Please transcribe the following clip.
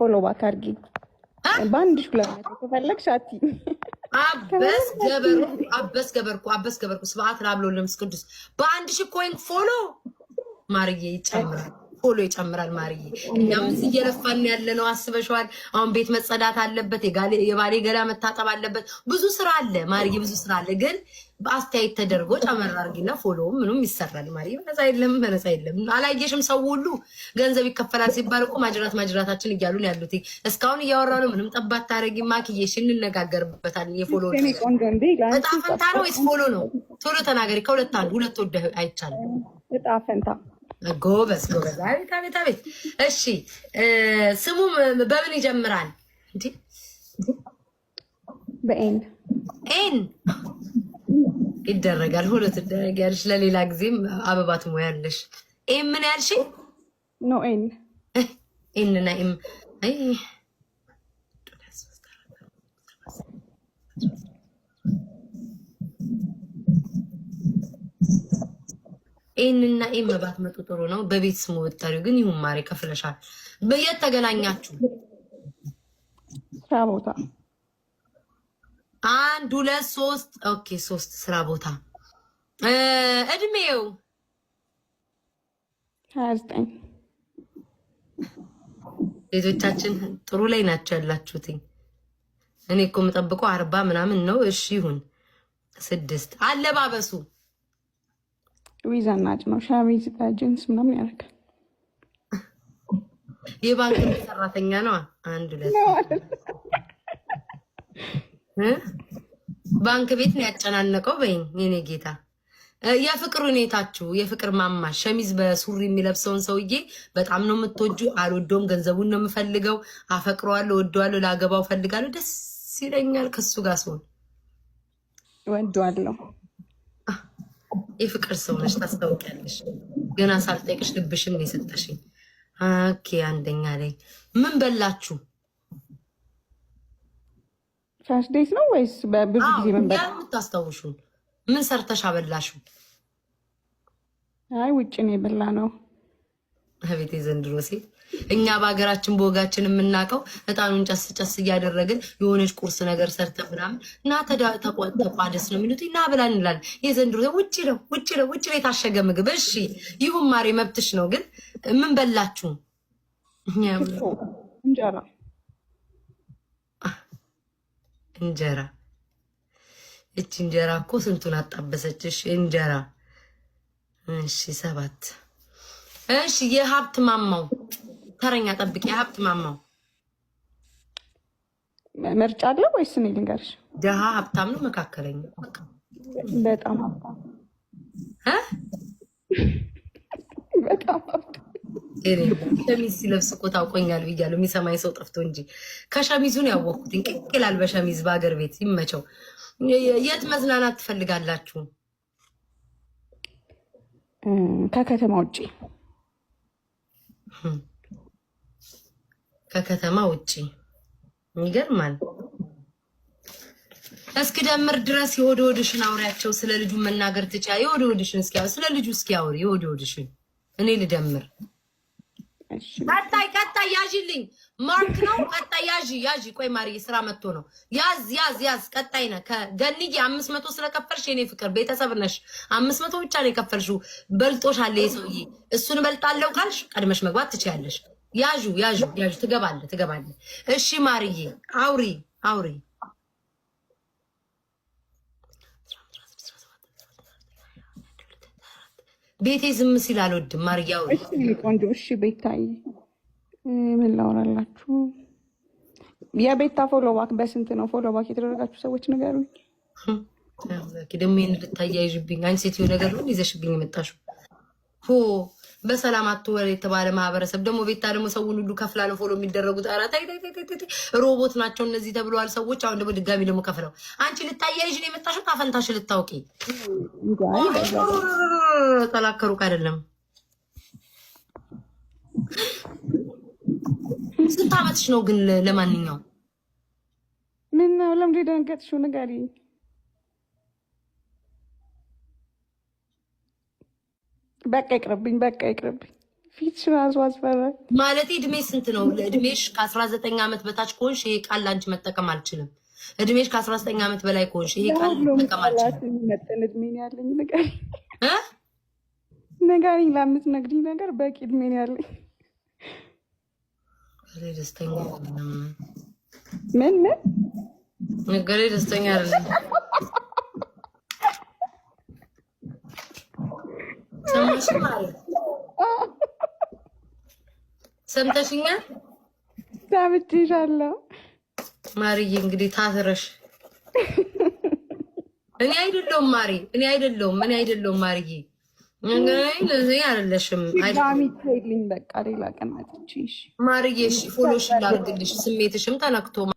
ፎሎ ባክ አድርጊ። በአንድ ሁለት ከፈለግሽ አቲ አበስ ገበርኩ አበስ ገበርኩ አበስ ገበርኩ ስብሐት ለአብ ለወልድ ለመንፈስ ቅዱስ። በአንድ ሺህ ኮይን ፎሎ ማርዬ ይጨምራል። ፎሎ ይጨምራል። ማርዬ እኛም እዚህ እየለፋን ያለ ነው። አስበሽዋል። አሁን ቤት መጸዳት አለበት፣ የባሌ ገላ መታጠብ አለበት። ብዙ ስራ አለ ማርዬ፣ ብዙ ስራ አለ። ግን በአስተያየት ተደርጎ ጨመር አድርጊና ፎሎው ምንም ይሰራል። ማርዬ በነፃ የለም፣ በነፃ የለም። አላየሽም? ሰው ሁሉ ገንዘብ ይከፈላል ሲባል እኮ ማጅራት ማጅራታችን እያሉ ነው ያሉት። እስካሁን እያወራ ነው። ምንም ጠባት ታደረጊ ማክዬሽ፣ እንነጋገርበታል። የፎሎ እጣ ፈንታ ነው ወይስ ፎሎ ነው? ቶሎ ተናገሪ። ከሁለት አንዱ ሁለት ወደ አይቻልም። እጣ ፈንታ ጎበዝ ጎበዝ። አቤት አቤት አቤት። እሺ ስሙ በምን ይጀምራል? በኤን ኤን ይደረጋል። ሁሉ ትደረጊያለሽ። ለሌላ ጊዜም አበባ ትሞያለሽ። ኤም ምን ያልሽ? ኖ ኤን ኤን ና ኤም ይህንና ይህን መባት መጡ ጥሩ ነው። በቤት ስሙ ብታሪው ግን ይሁን ማሬ ከፍለሻል። በየት ተገናኛችሁ? ስራ ቦታ አንድ ሁለት ሶስት። ኦኬ ሶስት ስራ ቦታ። እድሜው ሀያ ዘጠኝ ሴቶቻችን ጥሩ ላይ ናቸው ያላችሁት እኔ እኮ የምጠብቀው አርባ ምናምን ነው። እሺ ይሁን ስድስት አለባበሱ ዊዛ ናጭ ነው። ሻሚዝ በጅንስ ምናምን ያደርጋል። የባንክ ሰራተኛ ነው። አንድ ባንክ ቤት ነው ያጨናነቀው። በይኝ የኔ ጌታ፣ የፍቅር ሁኔታችሁ የፍቅር ማማ ሸሚዝ በሱሪ የሚለብሰውን ሰውዬ በጣም ነው የምትወጁ። አልወደውም፣ ገንዘቡን ነው የምፈልገው፣ አፈቅረዋለሁ፣ ወደዋለሁ፣ ላገባው ፈልጋለሁ፣ ደስ ይለኛል ከሱ ጋር ሲሆን ወደዋለሁ የፍቅር ሰው ነሽ፣ ታስታውቂያለሽ። ገና ሳልጠይቅሽ ልብሽን የሰጠሽኝ። ኦኬ አንደኛ ላይ ምን በላችሁ? ሻሽ ዴት ነው ወይስ በብዙ ጊዜ ምን በላ? ምን ሰርተሽ አበላሹ? አይ ውጭ ነው የበላ ነው። አቤት ዘንድሮ ሴት እኛ በሀገራችን በወጋችን የምናውቀው እጣኑን ጨስ ጨስ እያደረግን የሆነች ቁርስ ነገር ሰርተን ምናምን እና ተቋደስ ነው የሚሉት እና ብላ እንላለን። የዘንድሮ ውጭ ነው ውጭ ነው ውጭ ነው የታሸገ ምግብ። እሺ ይሁን ማሬ መብትሽ ነው። ግን ምን በላችሁ? እንጀራ እንጀራ። እቺ እንጀራ እኮ ስንቱን አጣበሰችሽ። እንጀራ እሺ፣ ሰባት እሺ። የሀብት ማማው ተረኛ ጠብቂ። ሀብት ማማው ምርጫ አለ ወይ? እኔ ልንገርሽ፣ ድሃ ሀብታም ነው መካከለኛ። በጣም ሀብታም በጣም ሀብታም ሸሚዝ ሲለብስ እኮ ታውቆኛል ብያለሁ። የሚሰማኝ ሰው ጠፍቶ እንጂ ከሸሚዙን ያወቅኩት ቅቅ ይላል በሸሚዝ በሀገር ቤት ይመቸው። የት መዝናናት ትፈልጋላችሁ? ከከተማ ውጭ ከከተማ ውጪ ይገርማል። እስኪ ደምር ድረስ የሆድ ሆድሽን አውሪያቸው። ስለ ልጁ መናገር ትጫ የሆድ ሆድሽን እስኪ ስለ ልጁ እስኪ አውሪ የሆድ ሆድሽን። እኔ ልደምር። ቀጣይ ቀጣይ ያዥልኝ። ማርክ ነው። ቀጣይ ያዥ ያዥ። ቆይ ማሪ ስራ መጥቶ ነው። ያዝ ያዝ ያዝ። ቀጣይ ነ ከገንዬ አምስት መቶ ስለከፈልሽ የኔ ፍቅር ቤተሰብ ነሽ። አምስት መቶ ብቻ ነው የከፈልሽው። በልጦሻል ይሄ ሰውዬ። እሱን በልጣለው ካልሽ ቀድመሽ መግባት ትችያለሽ። ያዡ ያዡ ያዡ ትገባለ ትገባለ። እሺ ማርዬ አውሪ አውሪ ቤቴ ዝም ሲል አልወድም። ማርዬ አውሪ ቆንጆ። እሺ ቤታይ ምን ላውራላችሁ? የቤታ ፎሎባክ በስንት ነው ፎሎባክ የተደረጋችሁ ሰዎች ንገሩኝ። ደግሞ ይህን ልታያይዥብኝ አንቺ ሴትዮ ነገር ነው ይዘሽብኝ የመጣሽው በሰላም አትወር የተባለ ማህበረሰብ ደግሞ ቤታ ደግሞ ሰውን ሁሉ ከፍላ ነው ፎሎ የሚደረጉት። አራት ሮቦት ናቸው እነዚህ ተብለዋል ሰዎች። አሁን ደግሞ ድጋሚ ደግሞ ከፍለው አንቺ ልታያይሽ ነው የመጣሽው። ካፈንታሽ ልታውቂ ተላከሩክ አይደለም። ስንት አመትሽ ነው ግን? ለማንኛውም ምን ነው ለምንድን ደንገጥሽው? ንገሪኝ በቃ ይቅርብኝ፣ በቃ ይቅርብኝ። ፊት ራሱ አስፈራ ማለት እድሜ ስንት ነው? እድሜሽ ከአስራ ዘጠኝ ዓመት በታች ከሆንሽ ይሄ ቃል ለአንቺ መጠቀም አልችልም። እድሜሽ ከአስራ ዘጠኝ ዓመት በላይ ከሆንሽ ይሄ ቃል መጠቀም አልችልም። መጠን እድሜ ነው ያለኝ ነገር ነጋሪ ለአምስት ነግድኝ ነገር በቂ እድሜ ነው ያለኝ። ደስተኛ ምን ምን ነገሬ ደስተኛ አይደለም። ሰማሽ ማለት ሰምተሽኛል? ሰምቼሻለሁ ማርዬ። እንግዲህ ታስረሽ እኔ አይደለሁም ማሪ፣ እኔ አይደለሁም፣ እኔ አይደለሁም ማርዬ። እንግዲህ አይደለሽም ማርዬ። ፎሎሽ ላድርግልሽ፣ ስሜትሽም ተነክቶ